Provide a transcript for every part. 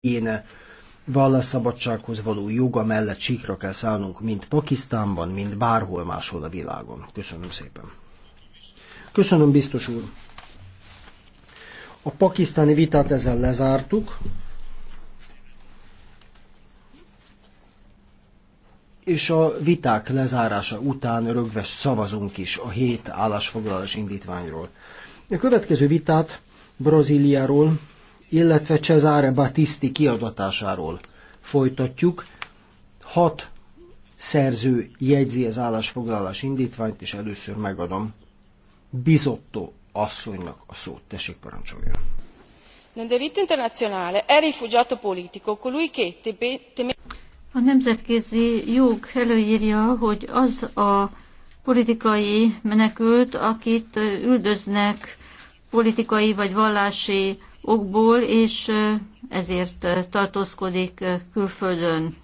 én vallásszabadsághoz való joga mellett síkra kell szállnunk, mint Pakisztánban, mint bárhol máshol a világon. Köszönöm szépen. Köszönöm, biztos úr. A pakisztáni vitát ezzel lezártuk. És a viták lezárása után rögves szavazunk is a hét állásfoglalás indítványról. A következő vitát Brazíliáról illetve Cesare Battisti kiadatásáról folytatjuk. Hat szerző jegyzi az állásfoglalás indítványt, és először megadom Bizotto asszonynak a szót. Tessék parancsoljon. Nel diritto internazionale è rifugiato politico colui che a nemzetközi jog előírja, hogy az a politikai menekült, akit üldöznek politikai vagy vallási okból, és ezért tartózkodik külföldön.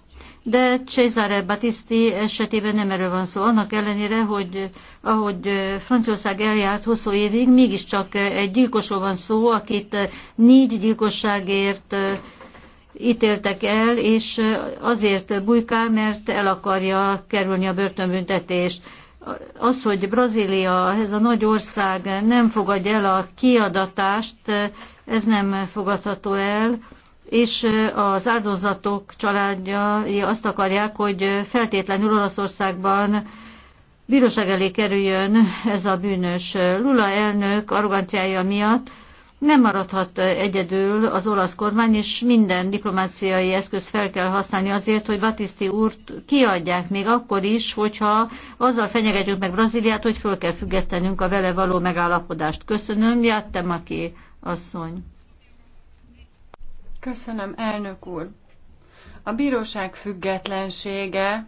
De Cesare Battisti esetében nem erről van szó, annak ellenére, hogy ahogy Franciaország eljárt hosszú évig, mégiscsak egy gyilkosról van szó, akit négy gyilkosságért ítéltek el, és azért bujkál, mert el akarja kerülni a börtönbüntetést. Az, hogy Brazília, ez a nagy ország nem fogadja el a kiadatást, ez nem fogadható el, és az áldozatok családja azt akarják, hogy feltétlenül Olaszországban bíróság elé kerüljön ez a bűnös. Lula elnök arroganciája miatt nem maradhat egyedül az olasz kormány, és minden diplomáciai eszköz fel kell használni azért, hogy Batiszti úrt kiadják még akkor is, hogyha azzal fenyegetjük meg Brazíliát, hogy föl kell függesztenünk a vele való megállapodást. Köszönöm, Jattem, aki asszony. Köszönöm, elnök úr. A bíróság függetlensége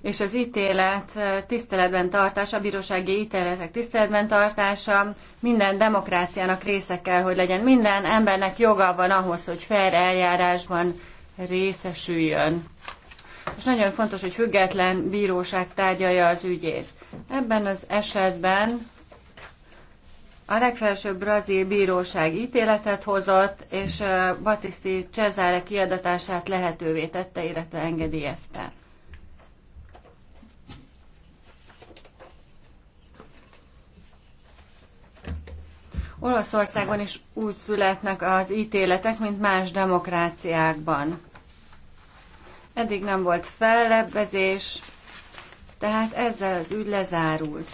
és az ítélet eh, tiszteletben tartása, a bírósági ítéletek tiszteletben tartása minden demokráciának része kell, hogy legyen. Minden embernek joga van ahhoz, hogy fair eljárásban részesüljön. És nagyon fontos, hogy független bíróság tárgyalja az ügyét. Ebben az esetben a legfelsőbb brazil bíróság ítéletet hozott, és Batiszti Cezáre kiadatását lehetővé tette, illetve engedélyezte. Olaszországban is úgy születnek az ítéletek, mint más demokráciákban. Eddig nem volt fellebbezés, tehát ezzel az ügy lezárult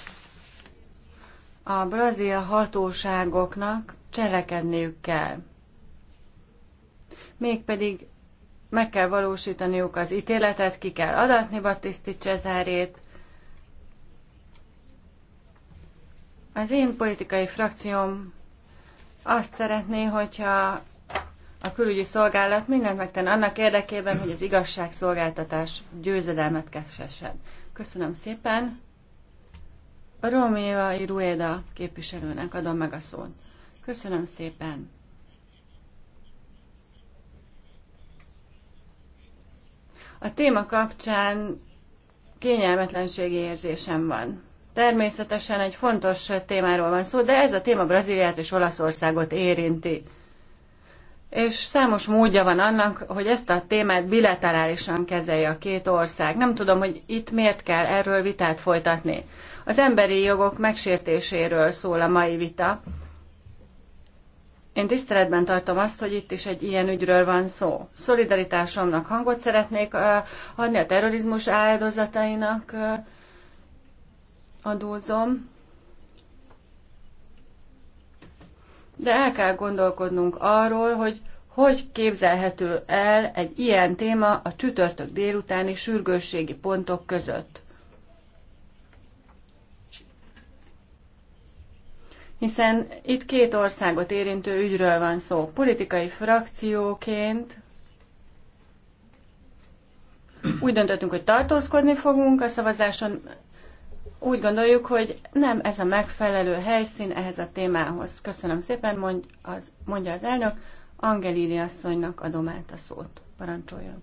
a brazil hatóságoknak cselekedniük kell. Mégpedig meg kell valósítaniuk az ítéletet, ki kell adatni Battiszti Cezárét. Az én politikai frakcióm azt szeretné, hogyha a külügyi szolgálat mindent megtenne annak érdekében, hogy az igazságszolgáltatás győzedelmet kessessen. Köszönöm szépen! Roméva Irueda képviselőnek adom meg a szót. Köszönöm szépen. A téma kapcsán kényelmetlenségi érzésem van. Természetesen egy fontos témáról van szó, de ez a téma Brazíliát és Olaszországot érinti és számos módja van annak, hogy ezt a témát bilaterálisan kezelje a két ország. Nem tudom, hogy itt miért kell erről vitát folytatni. Az emberi jogok megsértéséről szól a mai vita. Én tiszteletben tartom azt, hogy itt is egy ilyen ügyről van szó. Szolidaritásomnak hangot szeretnék adni a terrorizmus áldozatainak adózom, de el kell gondolkodnunk arról, hogy hogy képzelhető el egy ilyen téma a csütörtök délutáni sürgősségi pontok között. Hiszen itt két országot érintő ügyről van szó. Politikai frakcióként úgy döntöttünk, hogy tartózkodni fogunk a szavazáson, úgy gondoljuk, hogy nem ez a megfelelő helyszín ehhez a témához. Köszönöm szépen, mond az, mondja az elnök. Angelili asszonynak adom át a szót. Parancsoljon.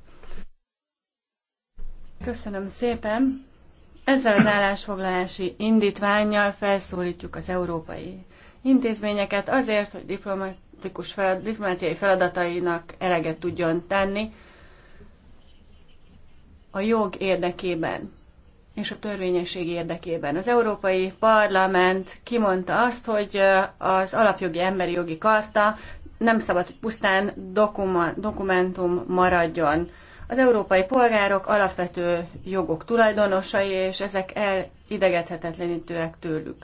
Köszönöm szépen. Ezzel az állásfoglalási indítványjal felszólítjuk az európai intézményeket azért, hogy diplomatikus feladat, diplomáciai feladatainak eleget tudjon tenni a jog érdekében és a törvényesség érdekében. Az Európai Parlament kimondta azt, hogy az alapjogi emberi jogi karta nem szabad, hogy pusztán dokumentum maradjon. Az európai polgárok alapvető jogok tulajdonosai, és ezek elidegethetetlenítőek tőlük.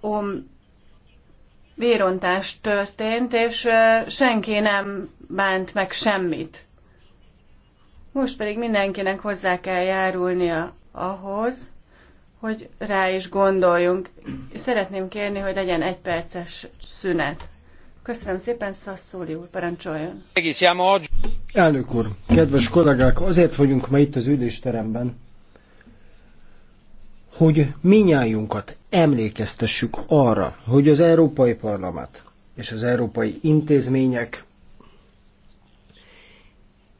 om, vérontás történt, és senki nem bánt meg semmit. Most pedig mindenkinek hozzá kell járulnia ahhoz, hogy rá is gondoljunk. Szeretném kérni, hogy legyen egy perces szünet. Köszönöm szépen, Szaszóli úr, parancsoljon. Elnök úr, kedves kollégák, azért vagyunk ma itt az ülésteremben, hogy minnyájunkat emlékeztessük arra, hogy az Európai Parlament és az európai intézmények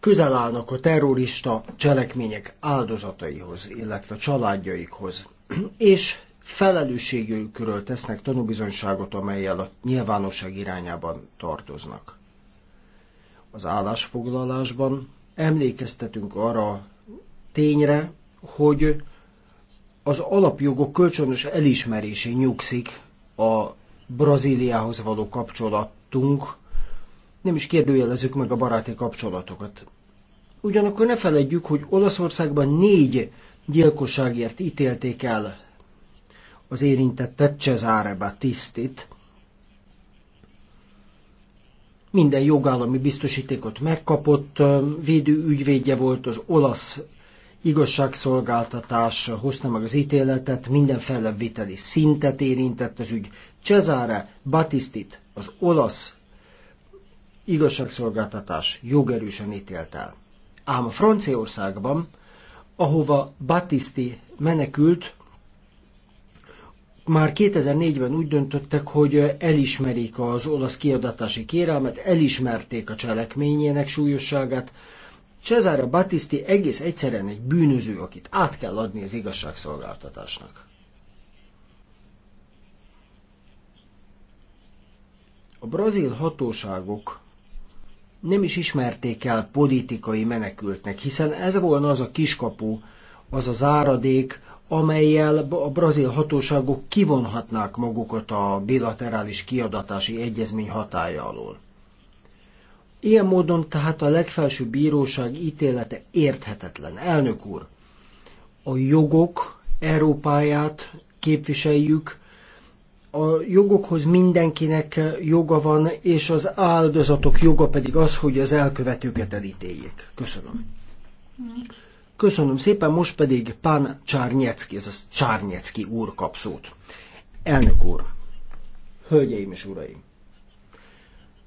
közel állnak a terrorista cselekmények áldozataihoz, illetve családjaikhoz, és felelősségükről tesznek tanúbizonyságot, amelyel a nyilvánosság irányában tartoznak. Az állásfoglalásban emlékeztetünk arra tényre, hogy az alapjogok kölcsönös elismerése nyugszik a Brazíliához való kapcsolatunk, nem is kérdőjelezzük meg a baráti kapcsolatokat. Ugyanakkor ne feledjük, hogy Olaszországban négy gyilkosságért ítélték el az érintettet Cesare tisztit. Minden jogállami biztosítékot megkapott, védő ügyvédje volt az olasz igazságszolgáltatás hozta meg az ítéletet, minden fellebbviteli szintet érintett az ügy. Cesare Battistit az olasz igazságszolgáltatás jogerősen ítélt el. Ám a Franciaországban, ahova Battisti menekült, már 2004-ben úgy döntöttek, hogy elismerik az olasz kiadatási kérelmet, elismerték a cselekményének súlyosságát, Cesare Battisti egész egyszerűen egy bűnöző, akit át kell adni az igazságszolgáltatásnak. A brazil hatóságok nem is ismerték el politikai menekültnek, hiszen ez volna az a kiskapu, az a záradék, amelyel a brazil hatóságok kivonhatnák magukat a bilaterális kiadatási egyezmény hatája alól. Ilyen módon tehát a legfelső bíróság ítélete érthetetlen. Elnök úr, a jogok Európáját képviseljük, a jogokhoz mindenkinek joga van, és az áldozatok joga pedig az, hogy az elkövetőket elítéljék. Köszönöm. Köszönöm szépen, most pedig Pán Csárnyecki, ez a Csárnyecki úr kap szót. Elnök úr, hölgyeim és uraim!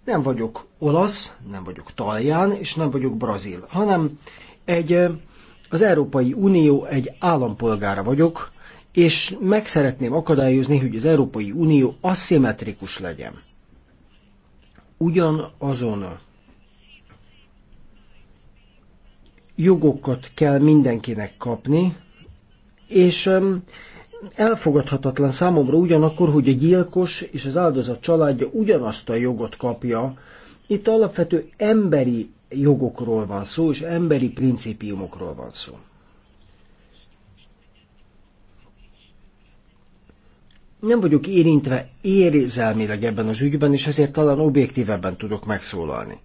Nem vagyok olasz, nem vagyok talján, és nem vagyok brazil, hanem egy, az Európai Unió egy állampolgára vagyok, és meg szeretném akadályozni, hogy az Európai Unió aszimmetrikus legyen. Ugyanazon jogokat kell mindenkinek kapni, és Elfogadhatatlan számomra ugyanakkor, hogy a gyilkos és az áldozat családja ugyanazt a jogot kapja. Itt alapvető emberi jogokról van szó, és emberi principiumokról van szó. nem vagyok érintve érzelmileg ebben az ügyben, és ezért talán objektívebben tudok megszólalni.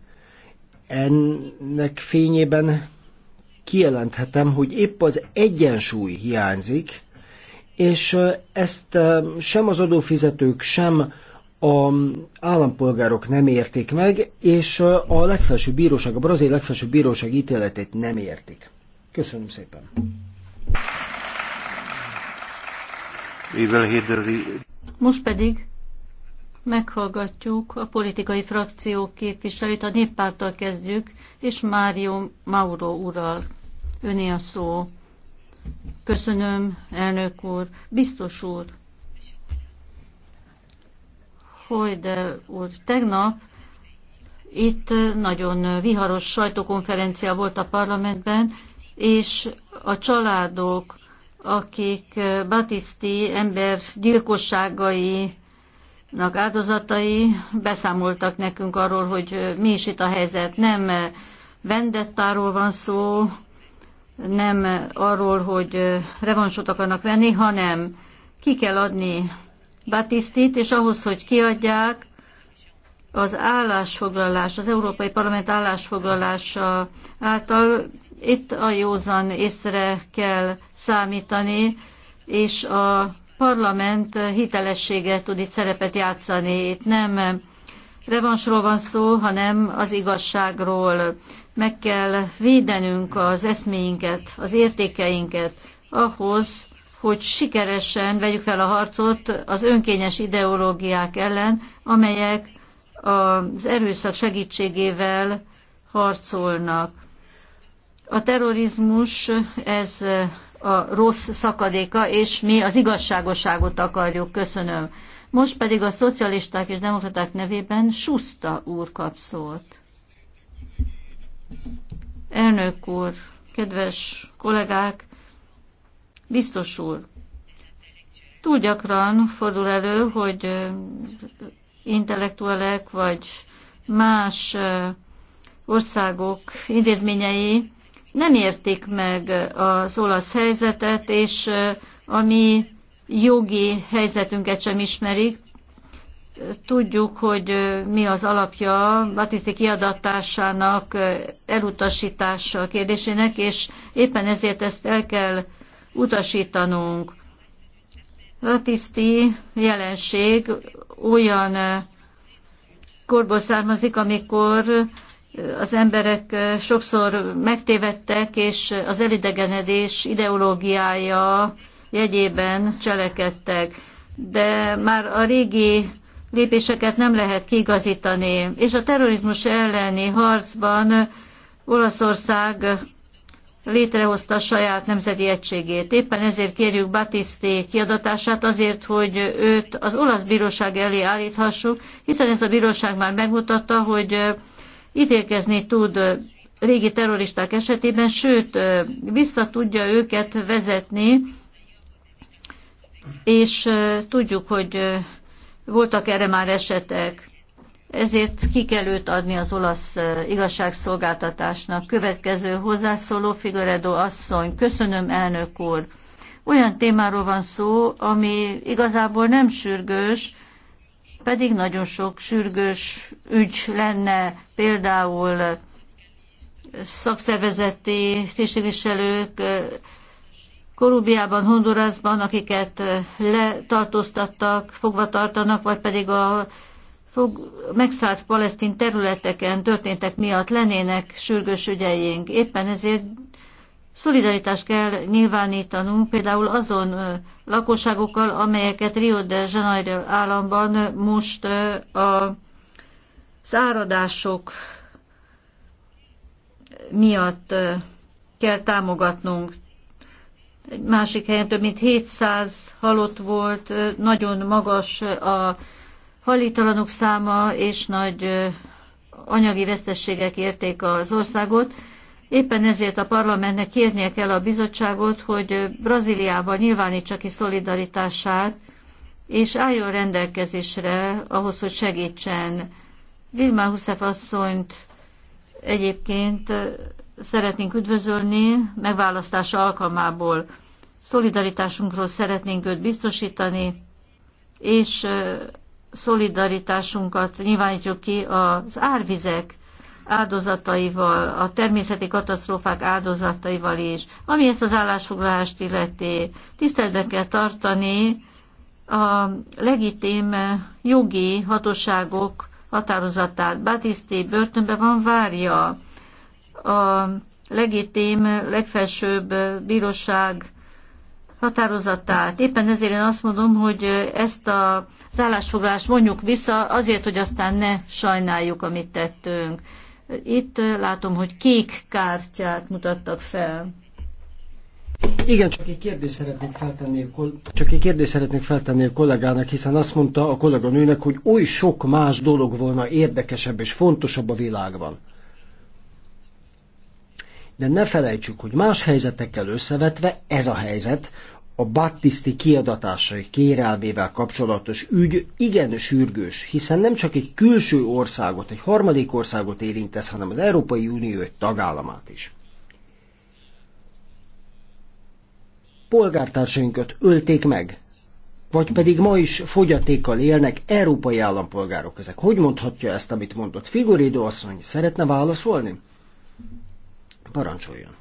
Ennek fényében kijelenthetem, hogy épp az egyensúly hiányzik és ezt sem az adófizetők, sem a állampolgárok nem értik meg, és a legfelsőbb bíróság, a brazil legfelsőbb bíróság ítéletét nem értik. Köszönöm szépen. Most pedig meghallgatjuk a politikai frakciók képviselőt, a néppárttal kezdjük, és Mário Mauro ural. Öné a szó. Köszönöm, elnök úr. Biztos úr, hogy úr, tegnap itt nagyon viharos sajtókonferencia volt a parlamentben, és a családok, akik Batiszti ember gyilkosságainak áldozatai, beszámoltak nekünk arról, hogy mi is itt a helyzet. Nem vendettáról van szó, nem arról, hogy revansot akarnak venni, hanem ki kell adni Batisztit, és ahhoz, hogy kiadják, az állásfoglalás, az Európai Parlament állásfoglalása által itt a józan észre kell számítani, és a parlament hitelessége tud itt szerepet játszani. Itt nem revansról van szó, hanem az igazságról meg kell védenünk az eszméinket, az értékeinket ahhoz, hogy sikeresen vegyük fel a harcot az önkényes ideológiák ellen, amelyek az erőszak segítségével harcolnak. A terrorizmus ez a rossz szakadéka, és mi az igazságosságot akarjuk. Köszönöm. Most pedig a szocialisták és demokraták nevében Suszta úr kap szót. Elnök úr, kedves kollégák, biztos úr, túl gyakran fordul elő, hogy intellektuelek vagy más országok intézményei nem értik meg az olasz helyzetet, és a mi jogi helyzetünket sem ismerik, tudjuk, hogy mi az alapja Batiszti kiadatásának elutasítása kérdésének, és éppen ezért ezt el kell utasítanunk. Batiszti jelenség olyan korból származik, amikor az emberek sokszor megtévedtek, és az elidegenedés ideológiája jegyében cselekedtek. De már a régi lépéseket nem lehet kigazítani. És a terrorizmus elleni harcban Olaszország létrehozta a saját nemzeti egységét. Éppen ezért kérjük Batiszté kiadatását azért, hogy őt az olasz bíróság elé állíthassuk, hiszen ez a bíróság már megmutatta, hogy ítélkezni tud régi terroristák esetében, sőt, vissza tudja őket vezetni, és tudjuk, hogy voltak erre már esetek. Ezért ki kell őt adni az olasz igazságszolgáltatásnak. Következő hozzászóló Figueredo asszony. Köszönöm, elnök úr. Olyan témáról van szó, ami igazából nem sürgős, pedig nagyon sok sürgős ügy lenne, például szakszervezeti tisztviselők Kolumbiában, Hondurasban, akiket eh, letartóztattak, fogva tartanak, vagy pedig a fog, megszállt palesztin területeken történtek miatt lennének sürgős ügyeink. Éppen ezért szolidaritást kell nyilvánítanunk például azon eh, lakosságokkal, amelyeket Rio de Janeiro államban most eh, a száradások miatt kell támogatnunk egy másik helyen több mint 700 halott volt, nagyon magas a halítalanok száma, és nagy anyagi vesztességek érték az országot. Éppen ezért a parlamentnek kérnie kell a bizottságot, hogy Brazíliában nyilvánítsa ki szolidaritását, és álljon rendelkezésre ahhoz, hogy segítsen Vilma Huszef asszonyt egyébként szeretnénk üdvözölni megválasztása alkalmából. Szolidaritásunkról szeretnénk őt biztosítani, és szolidaritásunkat nyilvánítjuk ki az árvizek áldozataival, a természeti katasztrófák áldozataival is. Ami ezt az állásfoglalást illeti, tiszteletben kell tartani a legitim jogi hatóságok határozatát. Batiszté börtönbe van, várja a legitim legfelsőbb bíróság határozatát. Éppen ezért én azt mondom, hogy ezt az állásfoglalást vonjuk vissza, azért, hogy aztán ne sajnáljuk, amit tettünk. Itt látom, hogy kék kártyát mutattak fel. Igen, csak egy kérdést szeretnék feltenni, csak egy kérdés szeretnék feltenni a kollégának, hiszen azt mondta a kolléganőnek, hogy oly sok más dolog volna érdekesebb és fontosabb a világban. De ne felejtsük, hogy más helyzetekkel összevetve ez a helyzet, a battiszti kiadatásai kérelmével kapcsolatos ügy igen sürgős, hiszen nem csak egy külső országot, egy harmadik országot érint hanem az Európai Unió egy tagállamát is. Polgártársainkat ölték meg, vagy pedig ma is fogyatékkal élnek európai állampolgárok ezek. Hogy mondhatja ezt, amit mondott Figurédo asszony? Szeretne válaszolni? Parancsoljon.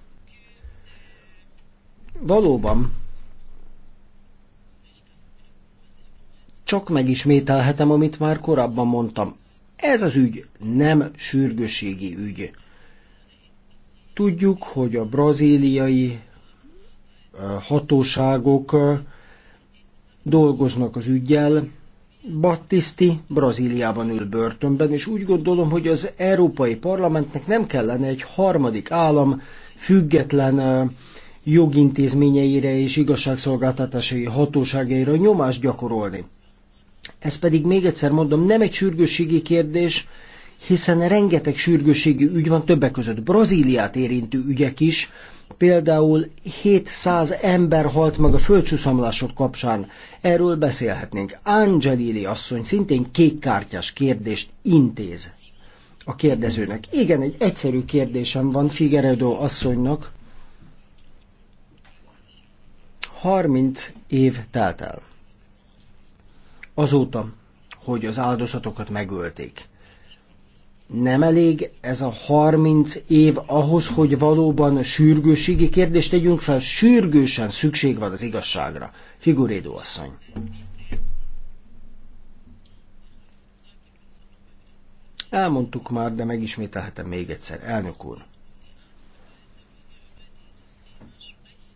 Valóban csak megismételhetem, amit már korábban mondtam. Ez az ügy nem sürgőségi ügy. Tudjuk, hogy a braziliai eh, hatóságok eh, dolgoznak az ügyel, Battisti Brazíliában ül börtönben, és úgy gondolom, hogy az Európai Parlamentnek nem kellene egy harmadik állam független jogintézményeire és igazságszolgáltatásai hatóságaira nyomást gyakorolni. Ez pedig még egyszer mondom, nem egy sürgősségi kérdés, hiszen rengeteg sürgősségi ügy van, többek között Brazíliát érintő ügyek is, például 700 ember halt meg a földcsúszamlások kapcsán. Erről beszélhetnénk. Angelili asszony szintén kékkártyás kérdést intéz a kérdezőnek. Igen, egy egyszerű kérdésem van Figueredo asszonynak. 30 év telt el. Azóta, hogy az áldozatokat megölték nem elég ez a 30 év ahhoz, hogy valóban sürgőségi kérdést tegyünk fel, sürgősen szükség van az igazságra. Figurédó asszony. Elmondtuk már, de megismételhetem még egyszer. Elnök úr.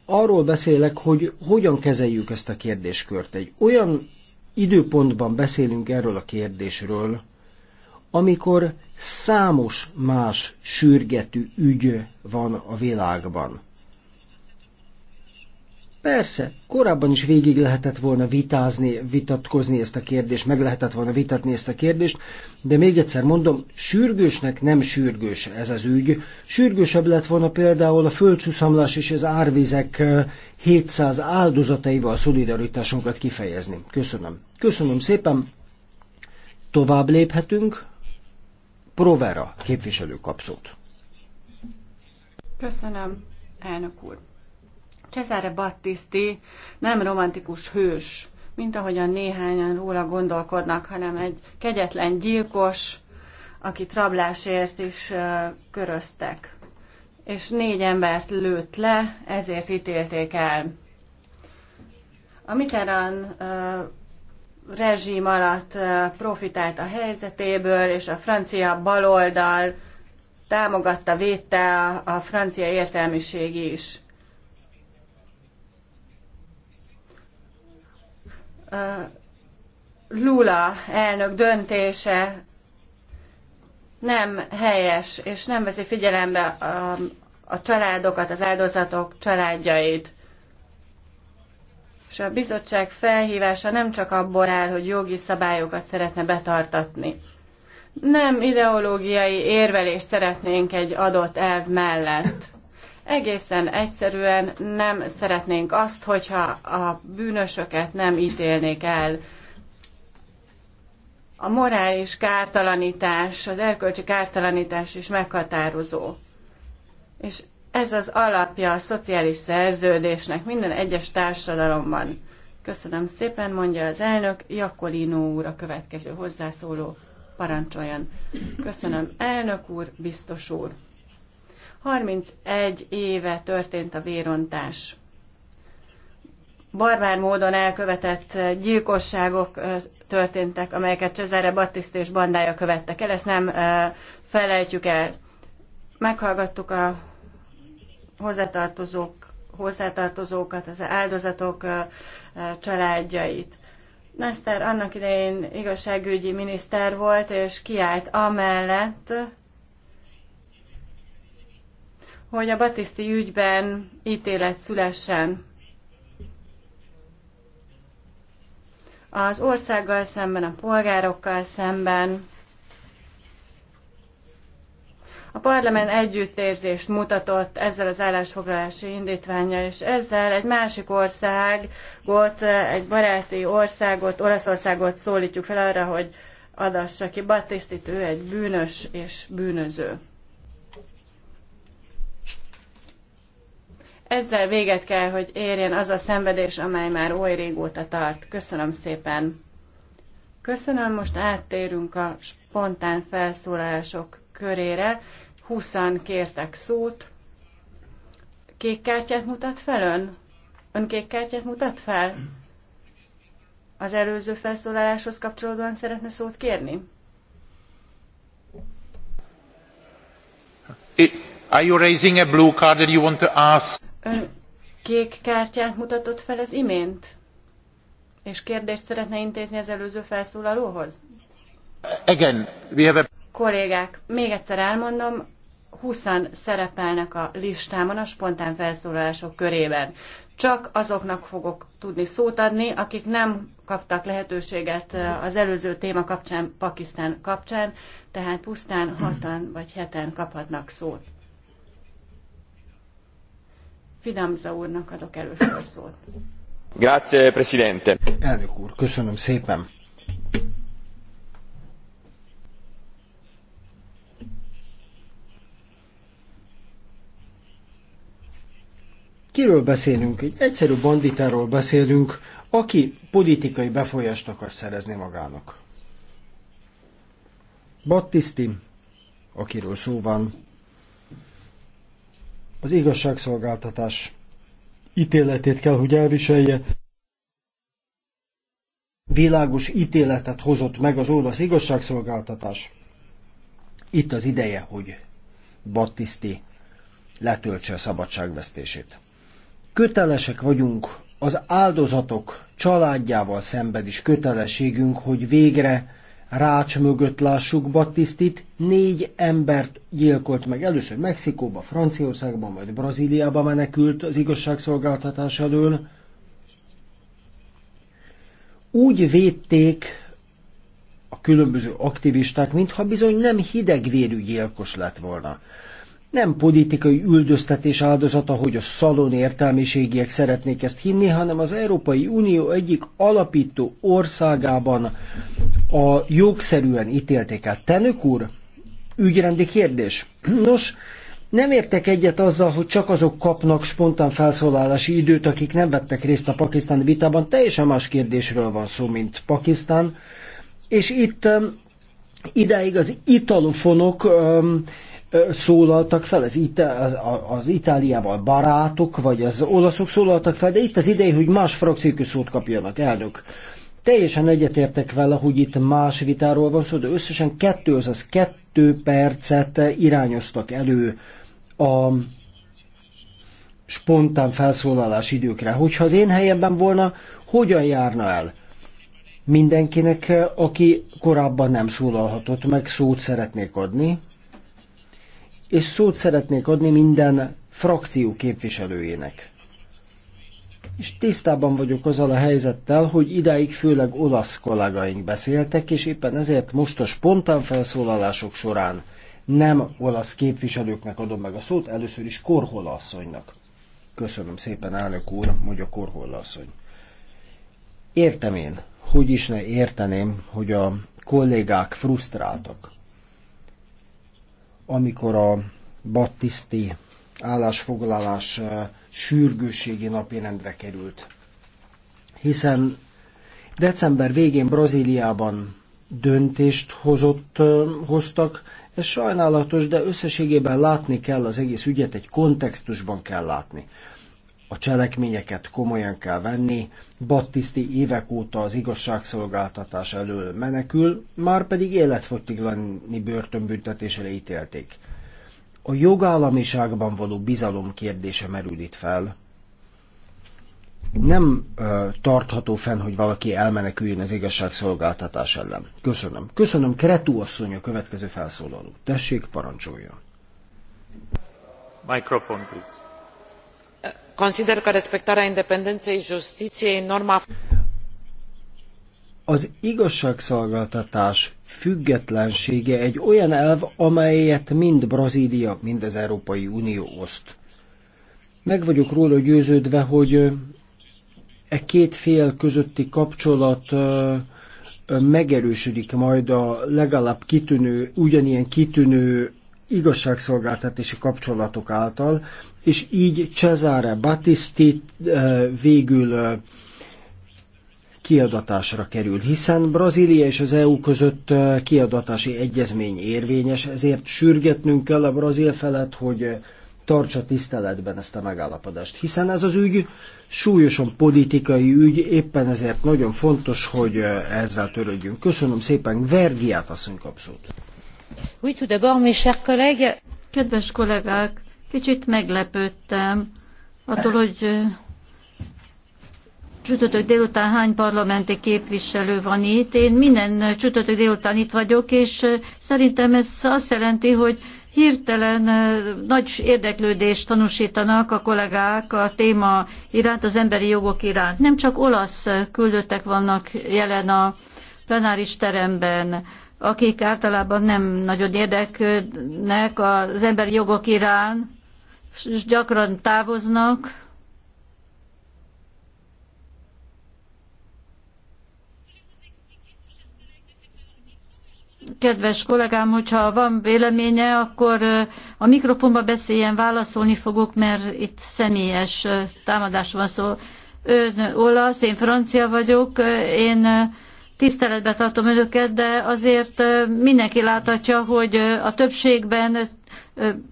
Arról beszélek, hogy hogyan kezeljük ezt a kérdéskört. Egy olyan időpontban beszélünk erről a kérdésről, amikor számos más sürgetű ügy van a világban. Persze, korábban is végig lehetett volna vitázni, vitatkozni ezt a kérdést, meg lehetett volna vitatni ezt a kérdést, de még egyszer mondom, sürgősnek nem sürgős ez az ügy. Sürgősebb lett volna például a földcsúszamlás és az árvizek 700 eh, áldozataival szolidaritásunkat kifejezni. Köszönöm. Köszönöm szépen. Tovább léphetünk Provera képviselő kapszót. Köszönöm, elnök úr. Cesare Battisti nem romantikus hős, mint ahogyan néhányan róla gondolkodnak, hanem egy kegyetlen gyilkos, akit rablásért is köröztek. És négy embert lőtt le, ezért ítélték el. A Mitterrand rezsim alatt profitált a helyzetéből, és a francia baloldal támogatta, védte a, francia értelmiség is. Lula elnök döntése nem helyes, és nem veszi figyelembe a, a családokat, az áldozatok családjait és a bizottság felhívása nem csak abból áll, hogy jogi szabályokat szeretne betartatni. Nem ideológiai érvelést szeretnénk egy adott elv mellett. Egészen egyszerűen nem szeretnénk azt, hogyha a bűnösöket nem ítélnék el. A morális kártalanítás, az erkölcsi kártalanítás is meghatározó. És ez az alapja a szociális szerződésnek minden egyes társadalomban. Köszönöm szépen, mondja az elnök. Jakolino úr a következő hozzászóló. Parancsoljon. Köszönöm, elnök úr, biztos úr. 31 éve történt a vérontás. Barbár módon elkövetett gyilkosságok történtek, amelyeket Cezare Battisti és bandája követtek el. Ezt nem felejtjük el. Meghallgattuk a hozzátartozók, hozzátartozókat, az áldozatok családjait. Mester annak idején igazságügyi miniszter volt, és kiállt amellett, hogy a Batiszti ügyben ítélet szülessen. Az országgal szemben, a polgárokkal szemben, a parlament együttérzést mutatott ezzel az állásfoglalási indítványjal, és ezzel egy másik országot, egy baráti országot, Olaszországot szólítjuk fel arra, hogy adassa ki Battisztit, ő egy bűnös és bűnöző. Ezzel véget kell, hogy érjen az a szenvedés, amely már oly régóta tart. Köszönöm szépen. Köszönöm, most áttérünk a spontán felszólalások körére. Húszan kértek szót. Kék kártyát mutat fel ön? Ön kék kártyát mutat fel? Az előző felszólaláshoz kapcsolódóan szeretne szót kérni? Are you raising a blue card that you want to ask? Ön kék kártyát mutatott fel az imént? És kérdést szeretne intézni az előző felszólalóhoz? Again, we have a... Kollégák, még egyszer elmondom, 20 szerepelnek a listámon a spontán felszólalások körében. Csak azoknak fogok tudni szót adni, akik nem kaptak lehetőséget eh, az előző téma kapcsán, Pakisztán kapcsán, tehát pusztán hatan vagy heten kaphatnak szót. Fidamza úrnak adok először szót. Grazie, Presidente. Elnök úr, köszönöm szépen. Kiről beszélünk? Egy egyszerű banditáról beszélünk, aki politikai befolyást akar szerezni magának. Battisti, akiről szó van, az igazságszolgáltatás ítéletét kell, hogy elviselje. Világos ítéletet hozott meg az olasz igazságszolgáltatás. Itt az ideje, hogy Battisti letöltse a szabadságvesztését kötelesek vagyunk az áldozatok családjával szemben is kötelességünk, hogy végre rács mögött lássuk Battisztit. Négy embert gyilkolt meg. Először Mexikóba, Franciaországban, majd Brazíliába menekült az igazságszolgáltatás elől. Úgy védték a különböző aktivisták, mintha bizony nem hidegvérű gyilkos lett volna nem politikai üldöztetés áldozata, hogy a szalon értelmiségiek szeretnék ezt hinni, hanem az Európai Unió egyik alapító országában a jogszerűen ítélték el. Tenök úr, ügyrendi kérdés. Nos, nem értek egyet azzal, hogy csak azok kapnak spontán felszólalási időt, akik nem vettek részt a pakisztáni vitában. Teljesen más kérdésről van szó, mint Pakisztán. És itt um, ideig az italofonok um, szólaltak fel, az, Ita- az, az Itáliával barátok, vagy az olaszok szólaltak fel, de itt az ideje, hogy más frakciókű szót kapjanak, elnök. Teljesen egyetértek vele, hogy itt más vitáról van szó, de összesen kettő, azaz kettő percet irányoztak elő a spontán felszólalás időkre. Hogyha az én helyemben volna, hogyan járna el? Mindenkinek, aki korábban nem szólalhatott meg, szót szeretnék adni, és szót szeretnék adni minden frakció képviselőjének. És tisztában vagyok azzal a helyzettel, hogy idáig főleg olasz kollégaink beszéltek, és éppen ezért most a spontán felszólalások során nem olasz képviselőknek adom meg a szót, először is Korhola asszonynak. Köszönöm szépen, elnök úr, mondja Korhola asszony. Értem én, hogy is ne érteném, hogy a kollégák frusztráltak amikor a battiszti állásfoglalás eh, sürgőségi napirendre került. Hiszen december végén Brazíliában döntést hozott, eh, hoztak, ez sajnálatos, de összességében látni kell az egész ügyet, egy kontextusban kell látni a cselekményeket komolyan kell venni. Battisti évek óta az igazságszolgáltatás elől menekül, már pedig életfogytiglani börtönbüntetésre ítélték. A jogállamiságban való bizalom kérdése merül itt fel. Nem ö, tartható fenn, hogy valaki elmeneküljön az igazságszolgáltatás ellen. Köszönöm. Köszönöm, Kretú asszony a következő felszólaló. Tessék, parancsoljon. Microphone, please consider că respectarea independenței justiției e norma az igazságszolgáltatás függetlensége egy olyan elv, amelyet mind Brazília, mind az Európai Unió oszt. Meg vagyok róla győződve, hogy e két fél közötti kapcsolat megerősödik majd a legalább kitűnő, ugyanilyen kitűnő igazságszolgáltatási kapcsolatok által, és így Cesare Battisti eh, végül eh, kiadatásra kerül, hiszen Brazília és az EU között eh, kiadatási egyezmény érvényes, ezért sürgetnünk kell a brazil felett, hogy tartsa tiszteletben ezt a megállapodást, hiszen ez az ügy súlyosan politikai ügy, éppen ezért nagyon fontos, hogy ezzel törődjünk. Köszönöm szépen, Vergiát asszony kapszót. Kedves kollégák, kicsit meglepődtem attól, hogy csütörtök délután hány parlamenti képviselő van itt. Én minden csütörtök délután itt vagyok, és szerintem ez azt jelenti, hogy hirtelen nagy érdeklődést tanúsítanak a kollégák a téma iránt, az emberi jogok iránt. Nem csak olasz küldöttek vannak jelen a plenáris teremben, akik általában nem nagyon érdeklődnek az emberi jogok irán, és gyakran távoznak. Kedves kollégám, hogyha van véleménye, akkor a mikrofonba beszéljen, válaszolni fogok, mert itt személyes támadás van szó. Ön olasz, én francia vagyok, én tiszteletbe tartom önöket, de azért mindenki láthatja, hogy a többségben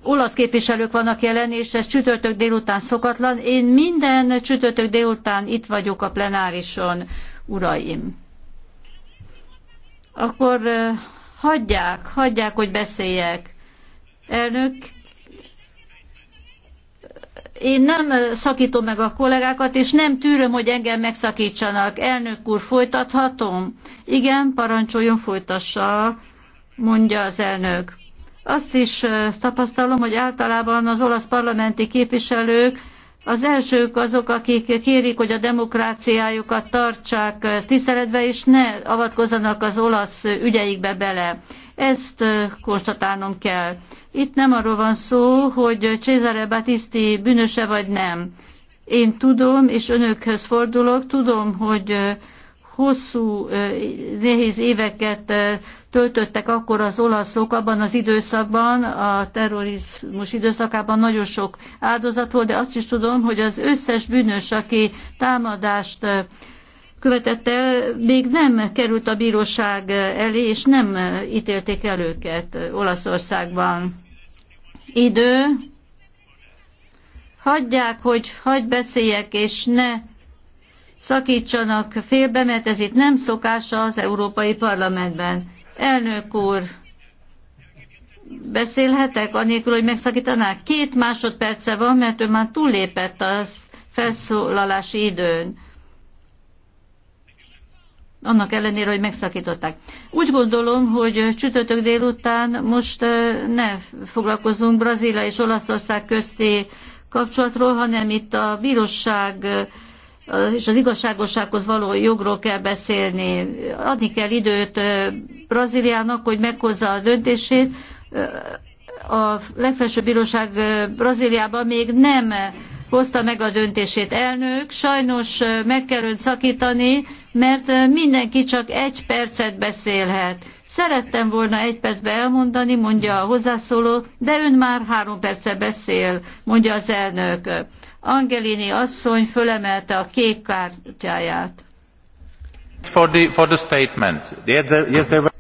olasz képviselők vannak jelen, és ez csütörtök délután szokatlan. Én minden csütörtök délután itt vagyok a plenárison, uraim. Akkor hagyják, hagyják, hogy beszéljek. Elnök, én nem szakítom meg a kollégákat, és nem tűröm, hogy engem megszakítsanak. Elnök úr, folytathatom? Igen, parancsoljon, folytassa, mondja az elnök. Azt is tapasztalom, hogy általában az olasz parlamenti képviselők az elsők azok, akik kérik, hogy a demokráciájukat tartsák tiszteletbe, és ne avatkozzanak az olasz ügyeikbe bele. Ezt konstatálnom kell. Itt nem arról van szó, hogy Cesare Battisti bűnöse vagy nem. Én tudom, és önökhöz fordulok, tudom, hogy hosszú, nehéz éveket töltöttek akkor az olaszok abban az időszakban, a terrorizmus időszakában nagyon sok áldozat volt, de azt is tudom, hogy az összes bűnös, aki támadást követett el, még nem került a bíróság elé, és nem ítélték el őket Olaszországban. Idő. Hagyják, hogy hagy beszéljek, és ne szakítsanak félbe, mert ez itt nem szokása az Európai Parlamentben. Elnök úr, beszélhetek, anélkül, hogy megszakítanák? Két másodperce van, mert ő már túllépett az felszólalási időn annak ellenére, hogy megszakították. Úgy gondolom, hogy csütörtök délután most ne foglalkozunk Brazília és Olaszország közti kapcsolatról, hanem itt a bíróság és az igazságossághoz való jogról kell beszélni. Adni kell időt Brazíliának, hogy meghozza a döntését. A legfelsőbb bíróság Brazíliában még nem hozta meg a döntését. Elnök, sajnos meg kell önt szakítani, mert mindenki csak egy percet beszélhet. Szerettem volna egy percbe elmondani, mondja a hozzászóló, de ön már három perce beszél, mondja az elnök. Angelini asszony fölemelte a kék kártyáját. For the, for the statement. Yes, there were...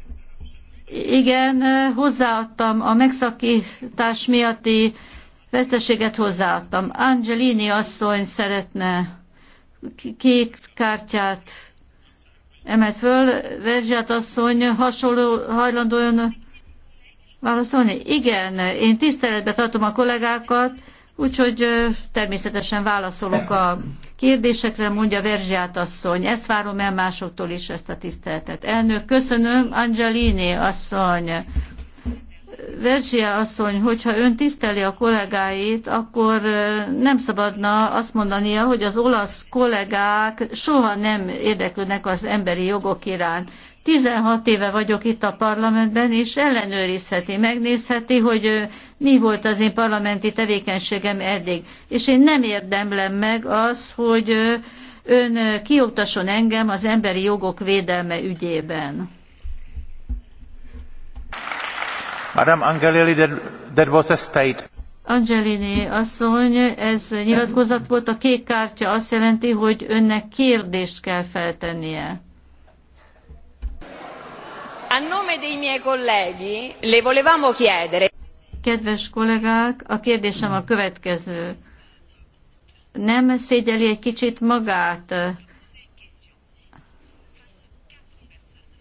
Igen, hozzáadtam a megszakítás miatti veszteséget hozzáadtam. Angelini asszony szeretne kék kártyát emelt föl. Verzsiát asszony hasonló hajlandó ön válaszolni? Igen, én tiszteletbe tartom a kollégákat, úgyhogy természetesen válaszolok a kérdésekre, mondja Verzsiát asszony. Ezt várom el másoktól is, ezt a tiszteletet. Elnök, köszönöm, Angelini asszony. Verzsia asszony, hogyha ön tiszteli a kollégáit, akkor nem szabadna azt mondania, hogy az olasz kollégák soha nem érdeklődnek az emberi jogok iránt. 16 éve vagyok itt a parlamentben, és ellenőrizheti, megnézheti, hogy mi volt az én parlamenti tevékenységem eddig. És én nem érdemlem meg az, hogy ön kioktasson engem az emberi jogok védelme ügyében. Madame Angelilli, that, that was a state. Angelini asszony, ez nyilatkozat volt, a kék kártya azt jelenti, hogy önnek kérdést kell feltennie. A nome dei miei colleghi, le volevamo chiedere. Kedves kollégák, a kérdésem a következő. Nem szégyeli egy kicsit magát?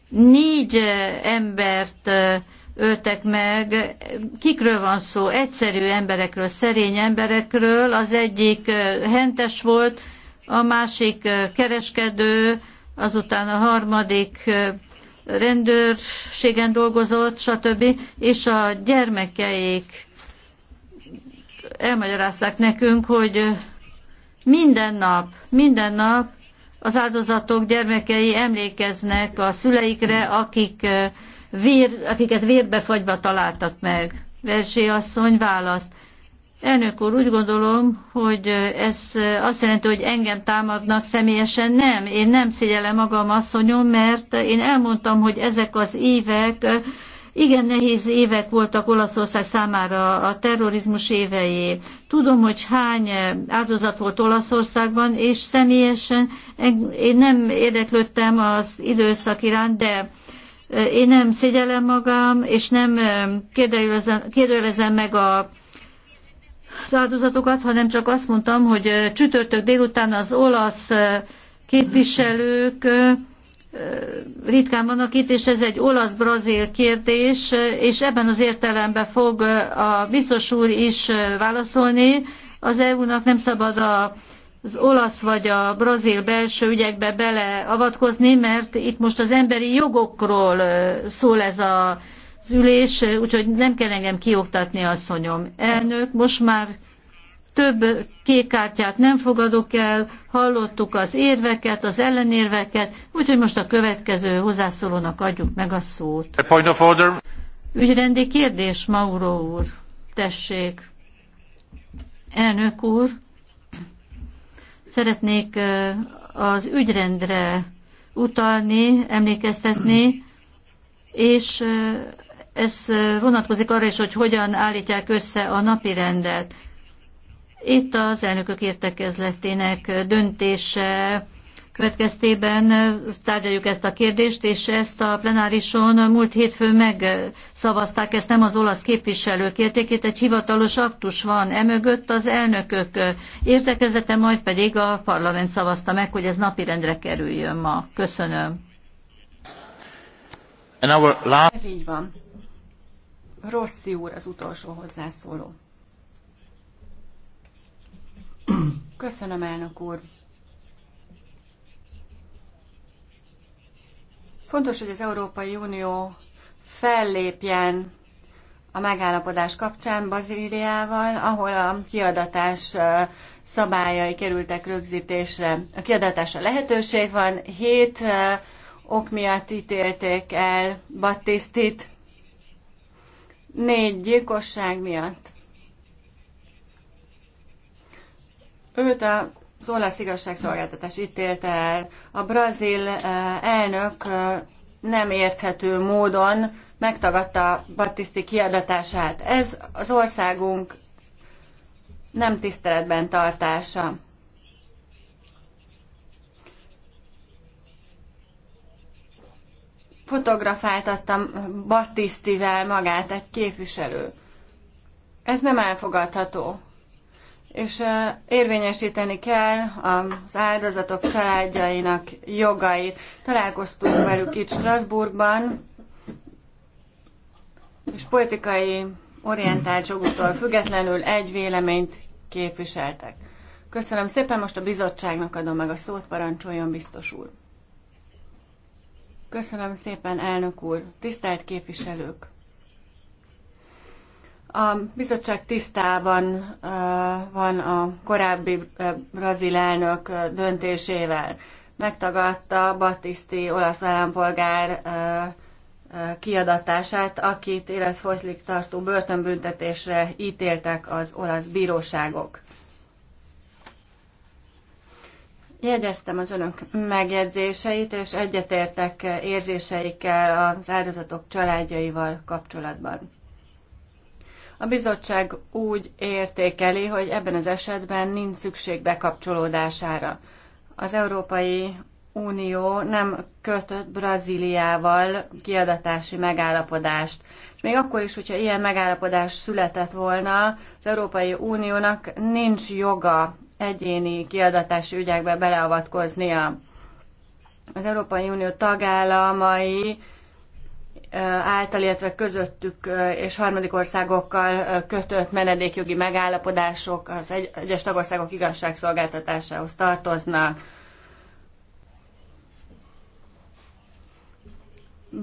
Négy eh, embert eh, öltek meg. Kikről van szó? Egyszerű emberekről, szerény emberekről. Az egyik hentes volt, a másik kereskedő, azután a harmadik rendőrségen dolgozott, stb. És a gyermekeik elmagyarázták nekünk, hogy minden nap, minden nap az áldozatok gyermekei emlékeznek a szüleikre, akik vér, akiket vérbe fagyva találtak meg. Versé asszony választ. Elnök úr, úgy gondolom, hogy ez azt jelenti, hogy engem támadnak személyesen. Nem, én nem szégyellem magam asszonyom, mert én elmondtam, hogy ezek az évek igen nehéz évek voltak Olaszország számára a terrorizmus évei. Tudom, hogy hány áldozat volt Olaszországban, és személyesen én nem érdeklődtem az időszak iránt, de én nem szégyellem magam, és nem kérdőjelezem meg a az áldozatokat, hanem csak azt mondtam, hogy csütörtök délután az olasz képviselők ritkán vannak itt, és ez egy olasz-brazil kérdés, és ebben az értelemben fog a biztos úr is válaszolni. Az EU-nak nem szabad a az olasz vagy a brazil belső ügyekbe beleavatkozni, mert itt most az emberi jogokról szól ez a az ülés, úgyhogy nem kell engem kioktatni, asszonyom. Elnök, most már több kék kártyát nem fogadok el, hallottuk az érveket, az ellenérveket, úgyhogy most a következő hozzászólónak adjuk meg a szót. A point of order. Ügyrendi kérdés, Mauro úr. Tessék. Elnök úr. Szeretnék az ügyrendre utalni, emlékeztetni, és ez vonatkozik arra is, hogy hogyan állítják össze a napi rendet. Itt az elnökök értekezletének döntése következtében tárgyaljuk ezt a kérdést, és ezt a plenárison múlt hétfőn megszavazták, ezt nem az olasz képviselők kérték, itt egy hivatalos aktus van emögött, az elnökök értekezete, majd pedig a parlament szavazta meg, hogy ez napirendre kerüljön ma. Köszönöm. Ez így van. Rossi úr az utolsó hozzászóló. Köszönöm, elnök úr. Fontos, hogy az Európai Unió fellépjen a megállapodás kapcsán Bazíliával, ahol a kiadatás szabályai kerültek rögzítésre. A kiadatásra lehetőség van, hét ok miatt ítélték el Battisztit, négy gyilkosság miatt. Őt a az olasz igazságszolgáltatás ítélte el. A brazil eh, elnök eh, nem érthető módon megtagadta Battisti kiadatását. Ez az országunk nem tiszteletben tartása. Fotografáltattam Battistivel magát egy képviselő. Ez nem elfogadható és érvényesíteni kell az áldozatok családjainak jogait. Találkoztunk velük itt Strasbourgban, és politikai orientáltságuktól függetlenül egy véleményt képviseltek. Köszönöm szépen, most a bizottságnak adom meg a szót, parancsoljon biztos úr. Köszönöm szépen, elnök úr, tisztelt képviselők! A bizottság tisztában van a korábbi brazil elnök döntésével. Megtagadta Battisti olasz állampolgár kiadatását, akit életfogytlik tartó börtönbüntetésre ítéltek az olasz bíróságok. Jegyeztem az önök megjegyzéseit, és egyetértek érzéseikkel az áldozatok családjaival kapcsolatban. A bizottság úgy értékeli, hogy ebben az esetben nincs szükség bekapcsolódására. Az Európai Unió nem kötött Brazíliával kiadatási megállapodást. És még akkor is, hogyha ilyen megállapodás született volna, az Európai Uniónak nincs joga egyéni kiadatási ügyekbe beleavatkoznia. Az Európai Unió tagállamai által, illetve közöttük és harmadik országokkal kötött menedékjogi megállapodások az egyes tagországok igazságszolgáltatásához tartoznak.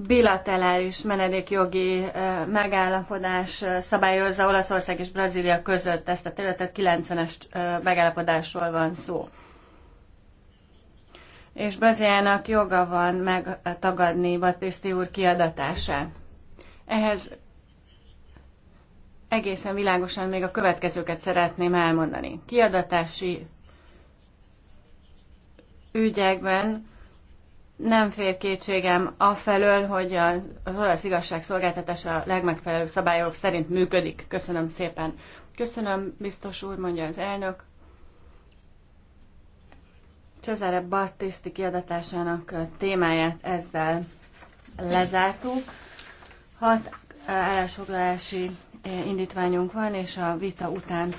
Bilaterális menedékjogi megállapodás szabályozza Olaszország és Brazília között ezt a területet, 90-es megállapodásról van szó és Baziának joga van megtagadni Batiszti úr kiadatását. Ehhez egészen világosan még a következőket szeretném elmondani. Kiadatási ügyekben nem fér kétségem afelől, hogy az olasz igazságszolgáltatás a legmegfelelőbb szabályok szerint működik. Köszönöm szépen. Köszönöm, biztos úr, mondja az elnök. Cesare Battisti kiadatásának témáját ezzel lezártuk. Hat állásfoglalási indítványunk van, és a vita után